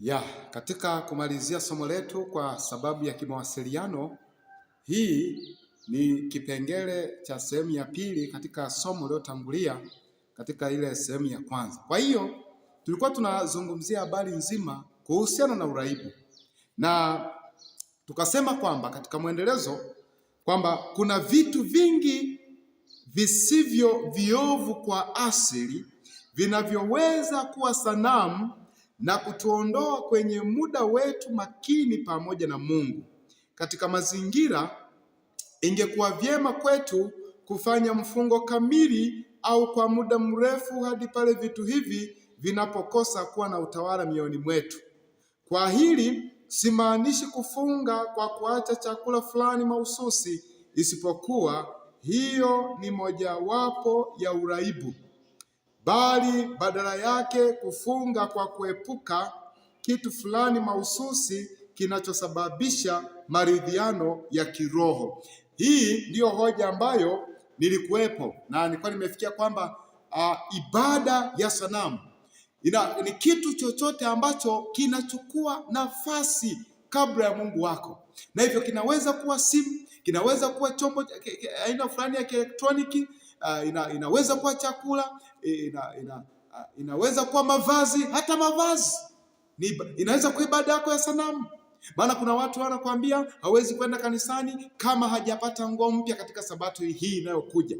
Ya, katika kumalizia somo letu kwa sababu ya kimawasiliano, hii ni kipengele cha sehemu ya pili katika somo lililotangulia katika ile sehemu ya kwanza. Kwa hiyo tulikuwa tunazungumzia habari nzima kuhusiana na uraibu na tukasema kwamba katika mwendelezo kwamba kuna vitu vingi visivyo viovu kwa asili vinavyoweza kuwa sanamu na kutuondoa kwenye muda wetu makini pamoja na Mungu. Katika mazingira, ingekuwa vyema kwetu kufanya mfungo kamili au kwa muda mrefu hadi pale vitu hivi vinapokosa kuwa na utawala mioyoni mwetu. Kwa hili simaanishi kufunga kwa kuacha chakula fulani mahususi, isipokuwa hiyo ni mojawapo ya uraibu bali badala yake kufunga kwa kuepuka kitu fulani mahususi kinachosababisha maridhiano ya kiroho. Hii ndiyo hoja ambayo nilikuwepo na nilikuwa nimefikia kwamba uh, ibada ya sanamu ina, ni kitu chochote ambacho kinachukua nafasi kabla ya Mungu wako, na hivyo kinaweza kuwa simu, kinaweza kuwa chombo aina fulani ya kielektroniki uh, ina, inaweza kuwa chakula ina, ina, inaweza kuwa mavazi, hata mavazi ni, inaweza kuwa ibada yako ya sanamu. Maana kuna watu wanakuambia hawezi kwenda kanisani kama hajapata nguo mpya katika sabato hii inayokuja.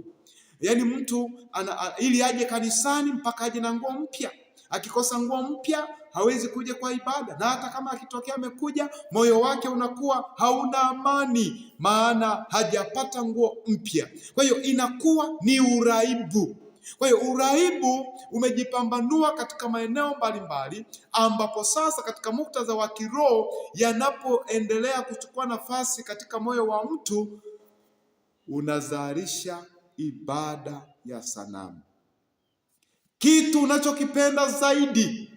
Yaani mtu ana, a, ili aje kanisani mpaka aje na nguo mpya. Akikosa nguo mpya hawezi kuja kwa ibada, na hata kama akitokea amekuja, moyo wake unakuwa hauna amani, maana hajapata nguo mpya. Kwa hiyo inakuwa ni uraibu. Kwa hiyo uraibu umejipambanua katika maeneo mbalimbali, ambapo sasa katika muktadha wa kiroho yanapoendelea kuchukua nafasi katika moyo wa mtu, unazalisha ibada ya sanamu, kitu unachokipenda zaidi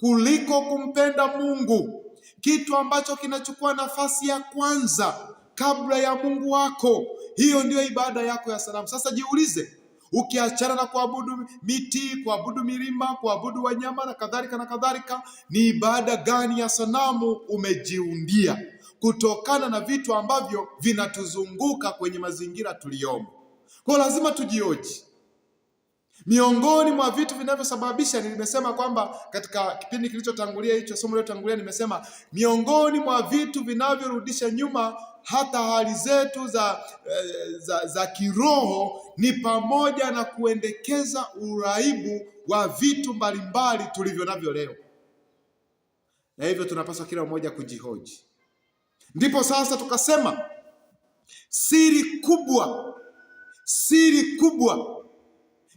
kuliko kumpenda Mungu, kitu ambacho kinachukua nafasi ya kwanza kabla ya Mungu wako. Hiyo ndiyo ibada yako ya sanamu. Sasa jiulize, ukiachana na kuabudu miti, kuabudu milima, kuabudu wanyama na kadhalika na kadhalika, ni ibada gani ya sanamu umejiundia kutokana na vitu ambavyo vinatuzunguka kwenye mazingira tuliyomo? Kwa lazima tujioji Miongoni mwa vitu vinavyosababisha, nimesema kwamba katika kipindi kilichotangulia hicho somo lilotangulia, nimesema miongoni mwa vitu vinavyorudisha nyuma hata hali zetu za, eh, za, za kiroho ni pamoja na kuendekeza uraibu wa vitu mbalimbali tulivyo navyo leo, na hivyo tunapaswa kila mmoja kujihoji. Ndipo sasa tukasema siri kubwa, siri kubwa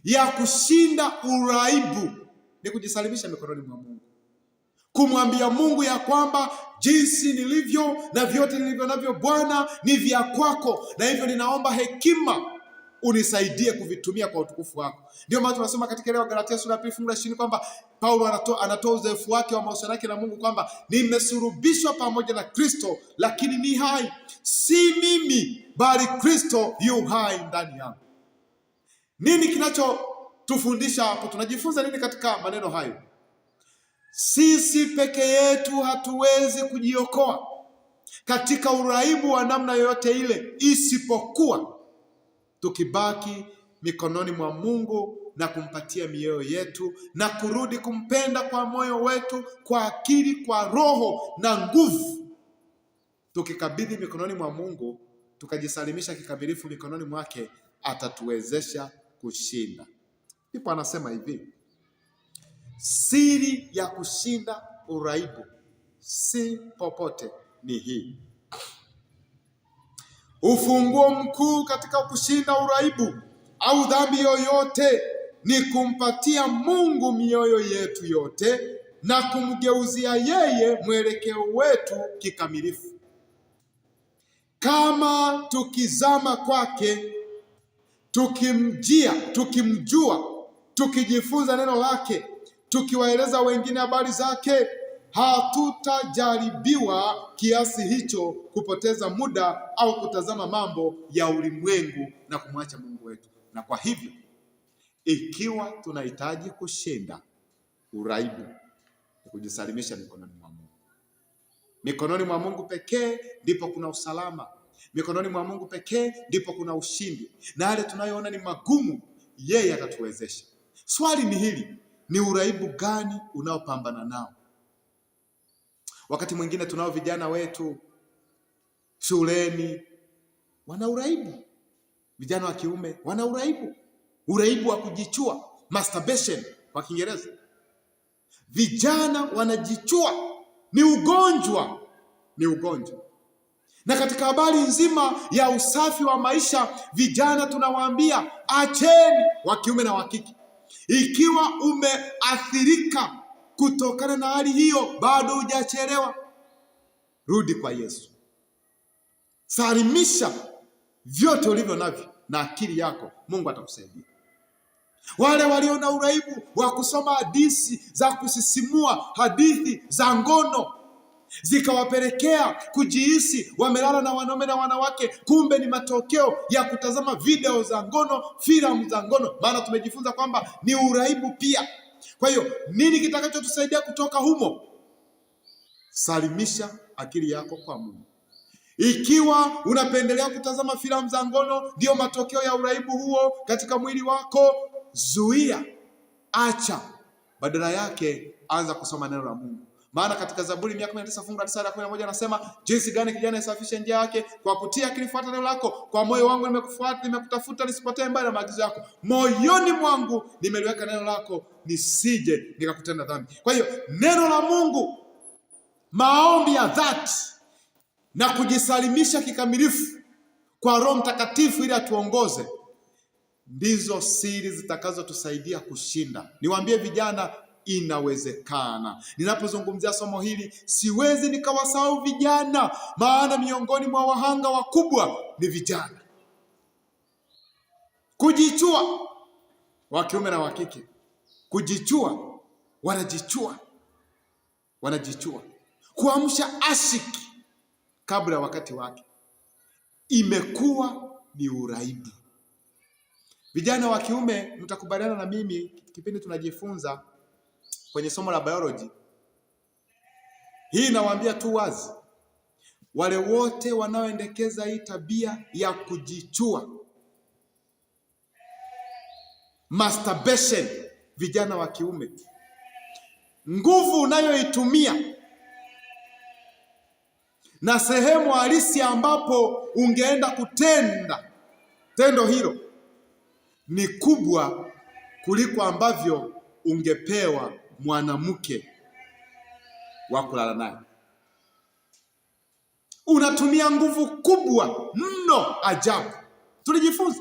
ya kushinda uraibu ni kujisalimisha mikononi mwa Mungu, kumwambia Mungu ya kwamba jinsi nilivyo na vyote nilivyo navyo Bwana ni vya kwako, na hivyo ninaomba hekima unisaidie kuvitumia kwa utukufu wako. Ndio maana tunasoma katika leo Galatia sura ya pili fungu la ishirini kwamba Paulo anatoa, anatoa uzoefu wake wa mahusiano yake na Mungu kwamba nimesurubishwa pamoja na Kristo, lakini ni hai, si mimi bali Kristo yu hai ndani yangu. Nini kinachotufundisha hapo? Tunajifunza nini katika maneno hayo? Sisi peke yetu hatuwezi kujiokoa katika uraibu wa namna yoyote ile, isipokuwa tukibaki mikononi mwa Mungu na kumpatia mioyo yetu na kurudi kumpenda kwa moyo wetu, kwa akili, kwa roho na nguvu, tukikabidhi mikononi mwa Mungu, tukajisalimisha kikamilifu mikononi mwake, atatuwezesha kushinda. Ndipo anasema hivi, siri ya kushinda uraibu si popote, ni hii. Ufunguo mkuu katika kushinda uraibu au dhambi yoyote ni kumpatia Mungu mioyo yetu yote na kumgeuzia yeye mwelekeo wetu kikamilifu. Kama tukizama kwake tukimjia, tukimjua, tukijifunza neno lake, tukiwaeleza wengine habari zake, hatutajaribiwa kiasi hicho kupoteza muda au kutazama mambo ya ulimwengu na kumwacha Mungu wetu. Na kwa hivyo, ikiwa tunahitaji kushinda uraibu, kujisalimisha mikononi mwa Mungu. Mikononi mwa Mungu pekee ndipo kuna usalama. Mikononi mwa Mungu pekee ndipo kuna ushindi, na yale tunayoona ni magumu, yeye atatuwezesha. Swali ni hili, ni uraibu gani unaopambana nao? Wakati mwingine tunao vijana wetu shuleni wana uraibu, vijana wa kiume wana uraibu, uraibu wa kujichua, masturbation kwa Kiingereza. Vijana wanajichua, ni ugonjwa, ni ugonjwa na katika habari nzima ya usafi wa maisha, vijana tunawaambia acheni, wa kiume na wa kike. Ikiwa umeathirika kutokana na hali hiyo, bado hujachelewa. Rudi kwa Yesu, salimisha vyote ulivyo navyo na akili yako, Mungu atakusaidia. Wale walio na uraibu wa kusoma hadithi za kusisimua, hadithi za ngono zikawapelekea kujihisi wamelala na wanaume na wanawake, kumbe ni matokeo ya kutazama video za ngono, filamu za ngono. Maana tumejifunza kwamba ni uraibu pia. Kwa hiyo nini kitakachotusaidia kutoka humo? Salimisha akili yako kwa Mungu. Ikiwa unapendelea kutazama filamu za ngono, ndiyo matokeo ya uraibu huo katika mwili wako, zuia, acha. Badala yake anza kusoma neno la Mungu. Maana katika Zaburi 119 fungu la 9 hadi 11 anasema jinsi gani kijana isafishe njia yake kwa kutia akilifuata neno lako. Kwa moyo wangu nimekufuata, nimekutafuta nisipotee mbali na maagizo yako. Moyoni mwangu nimeliweka neno lako, nisije nikakutenda dhambi. Kwa hiyo neno la Mungu, maombi ya dhati na kujisalimisha kikamilifu kwa Roho Mtakatifu ili atuongoze ndizo siri zitakazotusaidia kushinda. Niwaambie vijana inawezekana. Ninapozungumzia somo hili, siwezi nikawasahau vijana, maana miongoni mwa wahanga wakubwa ni vijana kujichua, wa kiume na wa kike, kujichua, wanajichua, wanajichua, kuamsha ashiki kabla ya wakati wake imekuwa ni uraibu. Vijana wa kiume, mtakubaliana na mimi, kipindi tunajifunza kwenye somo la biology. Hii nawaambia tu wazi, wale wote wanaoendekeza hii tabia ya kujichua masturbation, vijana wa kiume, nguvu unayoitumia na sehemu halisi ambapo ungeenda kutenda tendo hilo ni kubwa kuliko ambavyo ungepewa mwanamke wa kulala naye. Unatumia nguvu kubwa mno, ajabu, tulijifunza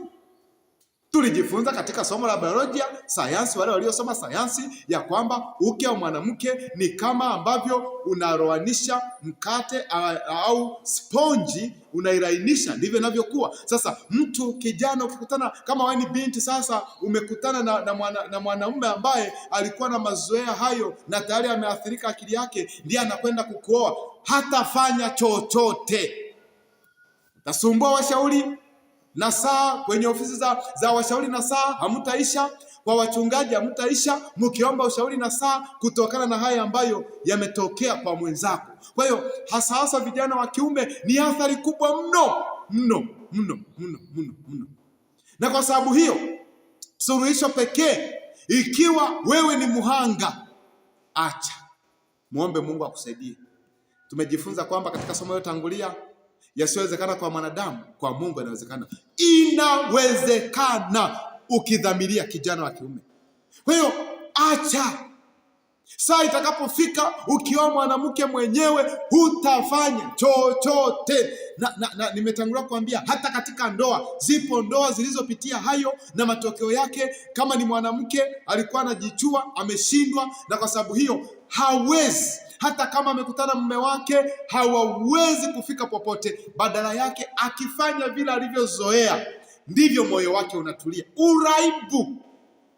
Tulijifunza katika somo la biolojia sayansi, wale waliosoma sayansi, ya kwamba uke wa mwanamke ni kama ambavyo unaroanisha mkate au sponji, unairainisha, ndivyo inavyokuwa. Sasa mtu kijana, ukikutana kama wewe ni binti, sasa umekutana na, na, mwana, na mwanaume ambaye alikuwa na mazoea hayo na tayari ameathirika akili yake, ndiye anakwenda kukuoa, hatafanya chochote, utasumbua washauri na saa kwenye ofisi za, za washauri na saa hamtaisha, kwa wachungaji hamtaisha mkiomba ushauri na saa, kutokana na haya ambayo yametokea kwa mwenzako. Kwa hiyo hasa hasa vijana wa kiume ni athari kubwa mno mno mno mno mno mno, na kwa sababu hiyo suluhisho pekee, ikiwa wewe ni muhanga, acha muombe Mungu akusaidie. Tumejifunza kwamba katika somo hilo tangulia yasiyowezekana kwa mwanadamu, kwa Mungu yanawezekana. Inawezekana ukidhamiria, kijana wa kiume. Kwa hiyo acha saa itakapofika, ukiwa mwanamke mwenyewe hutafanya chochote. Na, na, na nimetangulia kuambia hata katika ndoa zipo ndoa zilizopitia hayo, na matokeo yake kama ni mwanamke alikuwa anajichua, ameshindwa, na kwa sababu hiyo hawezi hata kama amekutana mume wake, hawawezi kufika popote. Badala yake akifanya vile alivyozoea, ndivyo moyo wake unatulia. Uraibu,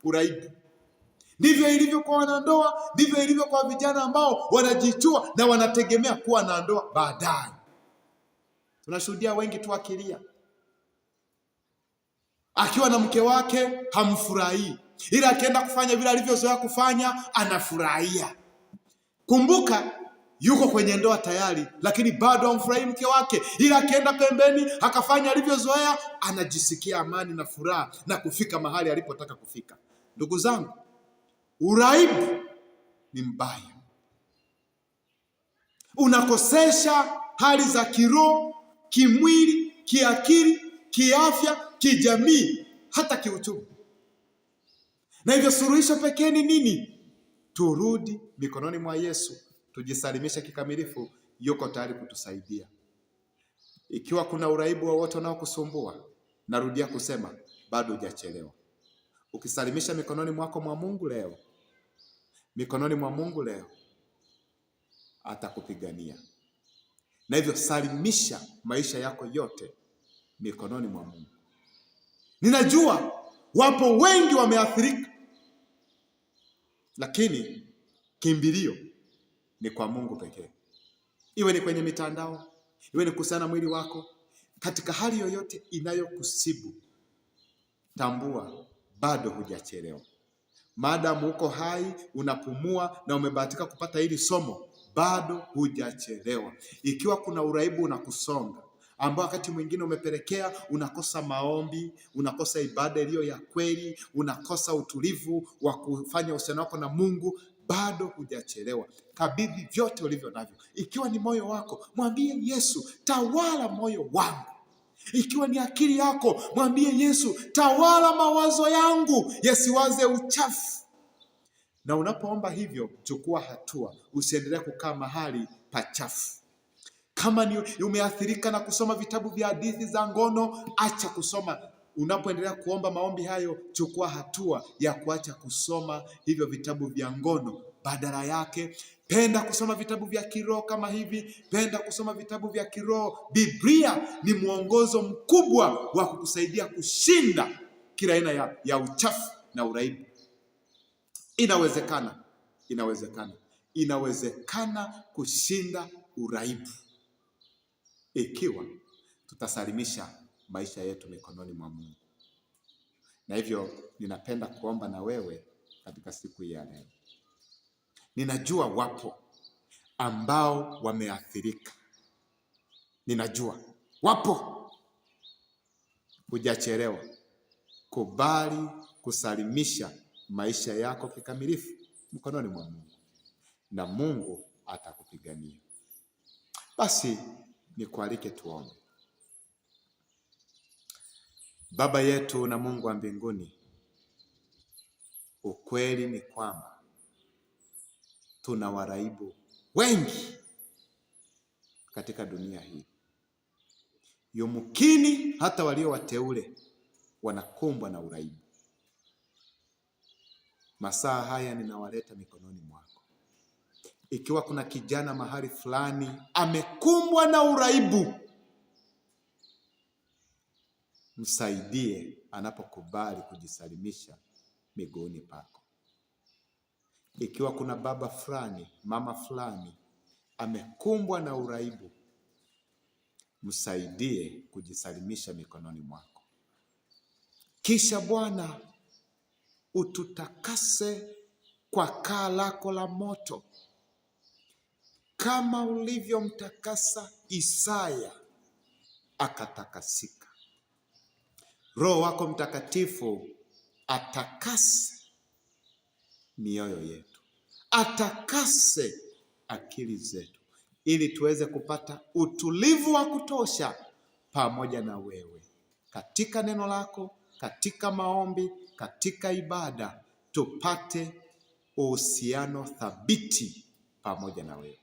uraibu ndivyo ilivyo kwa wanandoa, ndivyo ilivyo kwa vijana ambao wanajichua na wanategemea kuwa na ndoa baadaye. Tunashuhudia wengi tu akilia, akiwa na mke wake hamfurahii, ila akienda kufanya vile alivyozoea kufanya anafurahia. Kumbuka yuko kwenye ndoa tayari, lakini bado amfurahi mke wake, ila akienda pembeni akafanya alivyozoea, anajisikia amani na furaha na kufika mahali alipotaka kufika. Ndugu zangu, uraibu ni mbaya, unakosesha hali za kiroho, kimwili, kiakili, kiafya, kijamii, hata kiuchumi. Na hivyo suluhisho pekee ni nini? turudi mikononi mwa Yesu, tujisalimishe kikamilifu. Yuko tayari kutusaidia. Ikiwa kuna uraibu wowote unaokusumbua, narudia kusema bado hujachelewa. Ukisalimisha mikononi mwako mwa Mungu leo, mikononi mwa Mungu leo atakupigania, na hivyo salimisha maisha yako yote mikononi mwa Mungu. Ninajua wapo wengi wameathirika lakini kimbilio ni kwa Mungu pekee. Iwe ni kwenye mitandao, iwe ni kusana mwili wako, katika hali yoyote inayokusibu, tambua bado hujachelewa. madamu uko hai, unapumua na umebahatika kupata hili somo, bado hujachelewa. Ikiwa kuna uraibu unakusonga ambao wakati mwingine umepelekea unakosa maombi, unakosa ibada iliyo ya kweli, unakosa utulivu wa kufanya uhusiano wako na Mungu. Bado hujachelewa. Kabidhi vyote ulivyo navyo. Ikiwa ni moyo wako, mwambie Yesu, tawala moyo wangu. Ikiwa ni akili yako, mwambie Yesu, tawala mawazo yangu yasiwaze uchafu. Na unapoomba hivyo, chukua hatua, usiendelee kukaa mahali pachafu. Kama ni umeathirika na kusoma vitabu vya hadithi za ngono, acha kusoma. Unapoendelea kuomba maombi hayo, chukua hatua ya kuacha kusoma hivyo vitabu vya ngono. Badala yake penda kusoma vitabu vya kiroho kama hivi, penda kusoma vitabu vya kiroho. Biblia ni mwongozo mkubwa wa kukusaidia kushinda kila aina ya, ya uchafu na uraibu. Inawezekana, inawezekana, inawezekana kushinda uraibu ikiwa tutasalimisha maisha yetu mikononi mwa Mungu. Na hivyo ninapenda kuomba na wewe katika siku hii ya leo. Ninajua wapo ambao wameathirika, ninajua wapo. Hujachelewa, kubali kusalimisha maisha yako kikamilifu mkononi mwa Mungu na Mungu atakupigania. Basi nikualike tuombe. Baba yetu na Mungu wa mbinguni, ukweli ni kwamba tuna waraibu wengi katika dunia hii. Yumkini hata walio wateule wanakumbwa na uraibu. Masaa haya ninawaleta mikononi mwako. Ikiwa kuna kijana mahali fulani amekumbwa na uraibu, msaidie anapokubali kujisalimisha miguuni pako. Ikiwa kuna baba fulani, mama fulani amekumbwa na uraibu, msaidie kujisalimisha mikononi mwako. Kisha Bwana ututakase kwa kaa lako la moto kama ulivyomtakasa Isaya akatakasika. Roho wako Mtakatifu atakase mioyo yetu, atakase akili zetu, ili tuweze kupata utulivu wa kutosha pamoja na wewe katika neno lako, katika maombi, katika ibada, tupate uhusiano thabiti pamoja na wewe.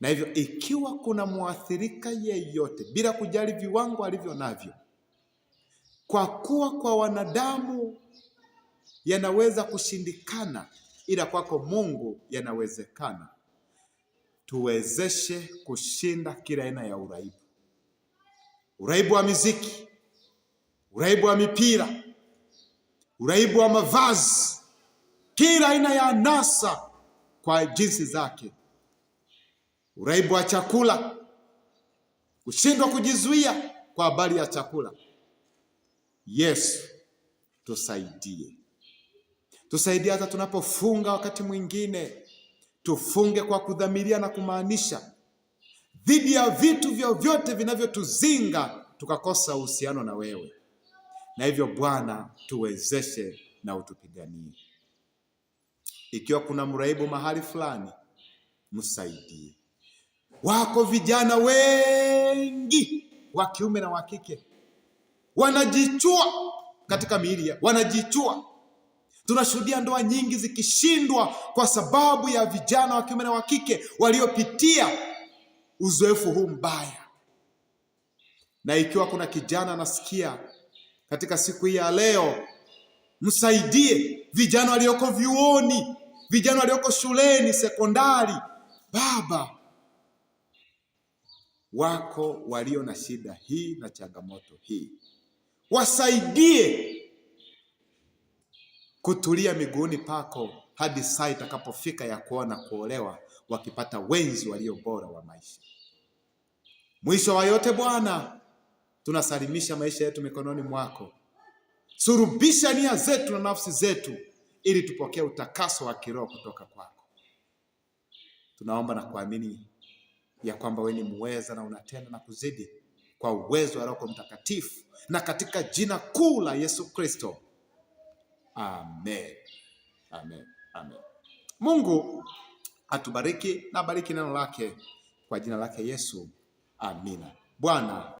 Na hivyo ikiwa kuna mwathirika yeyote, bila kujali viwango alivyo navyo, kwa kuwa kwa wanadamu yanaweza kushindikana, ila kwako Mungu yanawezekana, tuwezeshe kushinda kila aina ya uraibu, uraibu wa miziki, uraibu wa mipira, uraibu wa mavazi, kila aina ya anasa kwa jinsi zake uraibu wa chakula, kushindwa kujizuia kwa habari ya chakula. Yesu tusaidie, tusaidie hata tunapofunga wakati mwingine tufunge kwa kudhamiria na kumaanisha dhidi ya vitu vyovyote vinavyotuzinga tukakosa uhusiano na wewe, na hivyo Bwana tuwezeshe na utupiganie. Ikiwa kuna mraibu mahali fulani, msaidie. Wako vijana wengi wa kiume na wa kike wanajichua katika miili, wanajichua. Tunashuhudia ndoa nyingi zikishindwa kwa sababu ya vijana wa kiume na wa kike waliopitia uzoefu huu mbaya. Na ikiwa kuna kijana anasikia katika siku hii ya leo, msaidie vijana walioko vyuoni, vijana walioko shuleni sekondari. Baba wako walio na shida hii na changamoto hii, wasaidie kutulia miguuni pako hadi saa itakapofika ya kuona kuolewa, wakipata wenzi walio bora wa maisha. Mwisho wa yote, Bwana, tunasalimisha maisha yetu mikononi mwako. Surubisha nia zetu na nafsi zetu, ili tupokee utakaso wa kiroho kutoka kwako. Tunaomba na kuamini ya kwamba wewe ni muweza na unatenda na kuzidi kwa uwezo wa Roho Mtakatifu na katika jina kuu la Yesu Kristo. Amen. Amen. Amen. Mungu atubariki na bariki neno lake kwa jina lake Yesu. Amina. Bwana